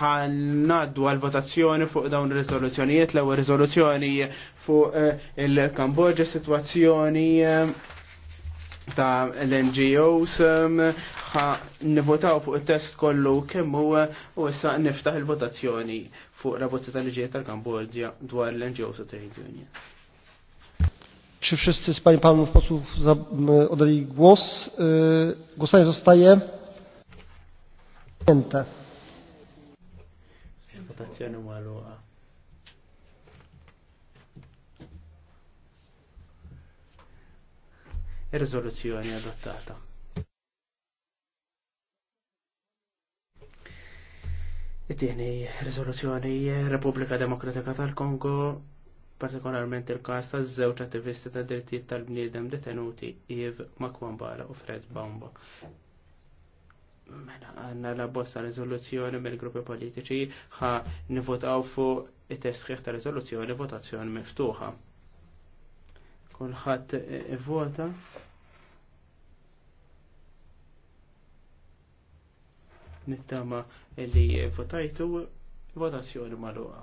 ħannaddu għal-votazzjoni fuq dawn il-rizoluzzjonijiet, l-ewwel rizoluzzjoni fuq eh, il-Kambodġa situazzjoni eh, ta' l-NGOs eh, nivotaw fuq il-test kollu kemmu u issa niftaħ il-votazzjoni fuq rabozza tal-ġiet tal-Kambodġa dwar l-NGOs u trade unions. Czy wszyscy z Pani Panów posłów oddali głos? Głosowanie zostaje. Enta. Votazzjoni maluqa. Ir-riżoluzzjoni e adottata. It-tieni e riżoluzzjoni Repubblika Demokratika tal-Kongo, partikolarment il-każ taż-żewġ attivisti ta' drittijiet tal-bniedem detenuti Iv Makwambala u Fred Bamba għanna la bosta rezoluzzjoni mill-gruppi politiċi ħa nivotaw fuq it-testħiħ ta' rezoluzzjoni votazzjoni miftuħa. Kulħadd vota. nittama li votajtu votazzjoni maluqa.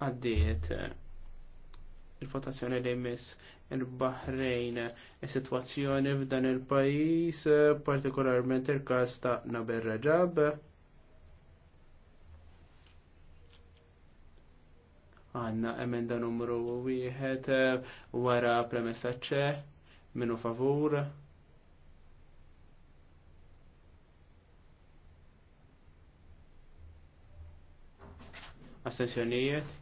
Għaddiet eh, il-votazzjoni li jmiss il-Bahrejn is-sitwazzjoni f'dan il-pajjiż, partikolarment il-każ ta' Naber Rajab. Għanna emenda numru wieħed wara premessa ċe minu favur. Assenzjonijiet.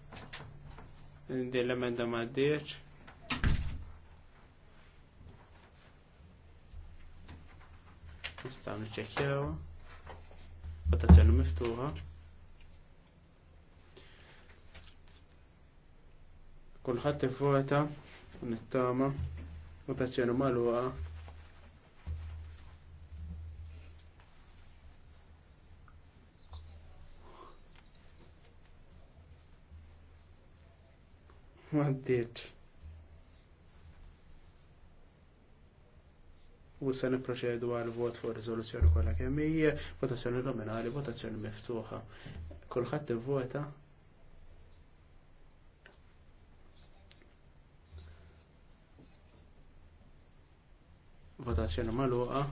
Din l-emenda ma d-dieċ. Nistaw nċekjaw. Votazzjoni miftuħa. Kulħat t-fota, nittama votazzjoni magħluqa Maddit. U se niproċedu għal vot fuq riżoluzzjoni kollha kemm hija votazzjoni nominali, votazzjoni miftuħa. Kulħadd ivvota. Votazzjoni magħluqa.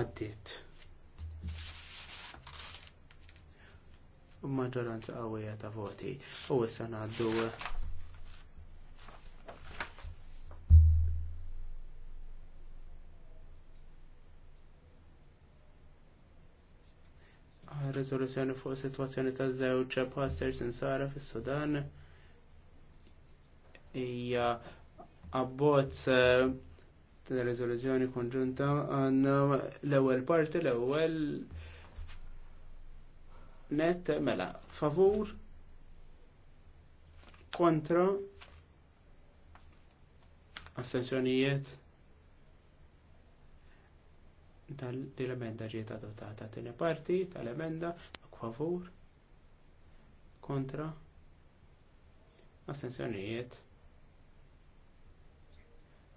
Għaddit. maġġoranza qawwija ta' voti. U issa ngħaddu Rezoluzzjoni fuq situazzjoni ta' żewġ pastors insara fis-Sudan hija abbozz eh, ta' rezoluzzjoni konġunta għan l-ewwel parti l-ewwel net mela favur kontra assenzjonijiet tal-emenda ġiet adottata tini parti tal-emenda favur kontra assenzjonijiet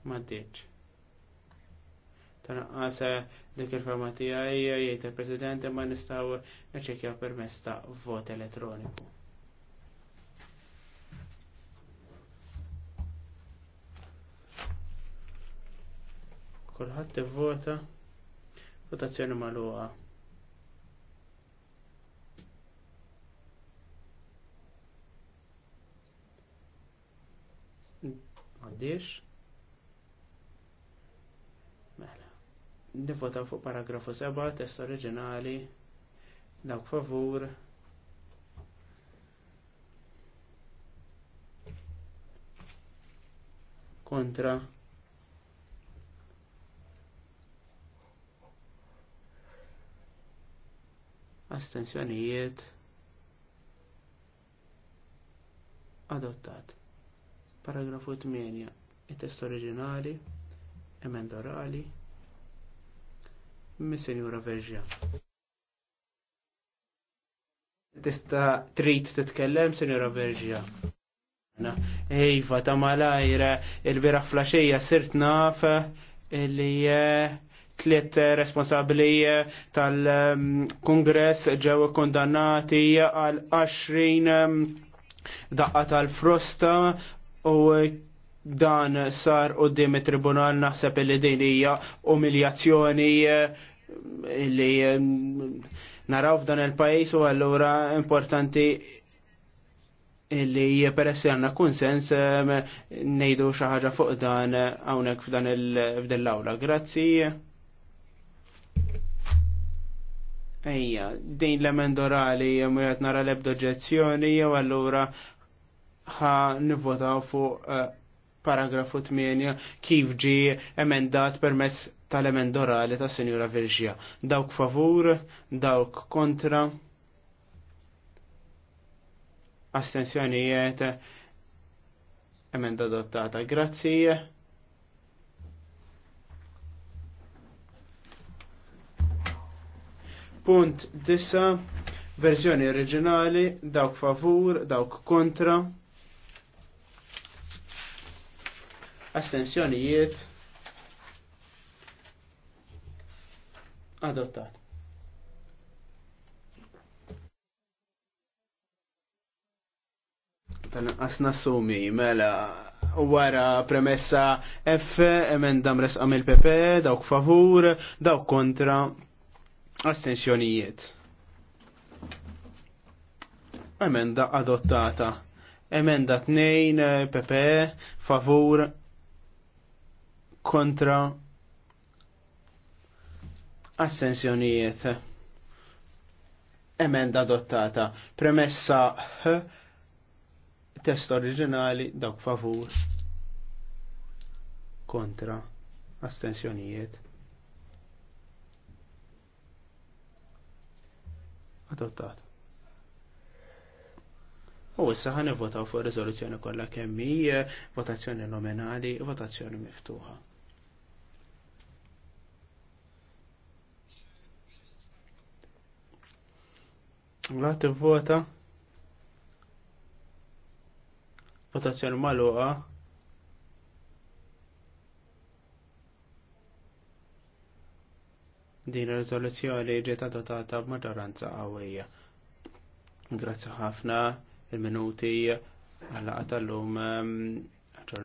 ma' deċ tanqasa eh, dik il-forma tiegħi jgħid il-President imma nistgħu niċċekkjaw permess ta' vot elettroniku. Kulħadd ivvota votazzjoni magħluqa. Għaddiex? nivvotaw fuq paragrafu 7, test oriġinali, dawk favur. Kontra. Astenzjonijiet. Adottat. Paragrafu 8. Il-test oriġinali, emendorali, orali, mis-Senjura Verġja. Tista trid titkellem, Senjura Verġja. Ejva, ta' malajra, il-bira flasġija sirt naf li eh, tliet responsabli eh, tal-Kongress ġew kondannati għal 20 eh, daqqa tal-frosta u dan sar u it tribunal naħseb li din hija umiljazzjoni eh, li eh, naraw f'dan il-pajis u allura importanti li peress li għanna kunsens eh, nejdu xaħġa fuq dan għawnek f'dan il-awla. Grazzi. Ejja, din l-emendorali mujat nara l-ebdoġezzjoni u allura ħa nivvotaw fuq paragrafu 8 kif ġi emendat permess tal emendorali orali ta' Senjura Virġija. Dawk favur, dawk kontra, astensjonijiet, emenda adottata. Grazie. Punt 9, verżjoni oriġinali, dawk favur, dawk kontra. astensjonijiet adottat. Asna sumi, mela, wara premessa F, emendam res il PP, dawk favur, dawk kontra, astensjonijiet. Emenda adottata. Emenda 2, PP, favur, kontra assenzjonijiet emenda adottata premessa H test oriġinali dawk favur kontra astensjonijiet adottat U issa ħan votaw fuq riżoluzzjoni kollha kemm hi votazzjoni nominali, votazzjoni miftuħa. La mela, vota votazzjoni magħluqa din ir-riżoluzzjoni ġiet adottata b'maġġoranza qawwija. Grazzi ħafna il-minuti għalla għatallum ehm,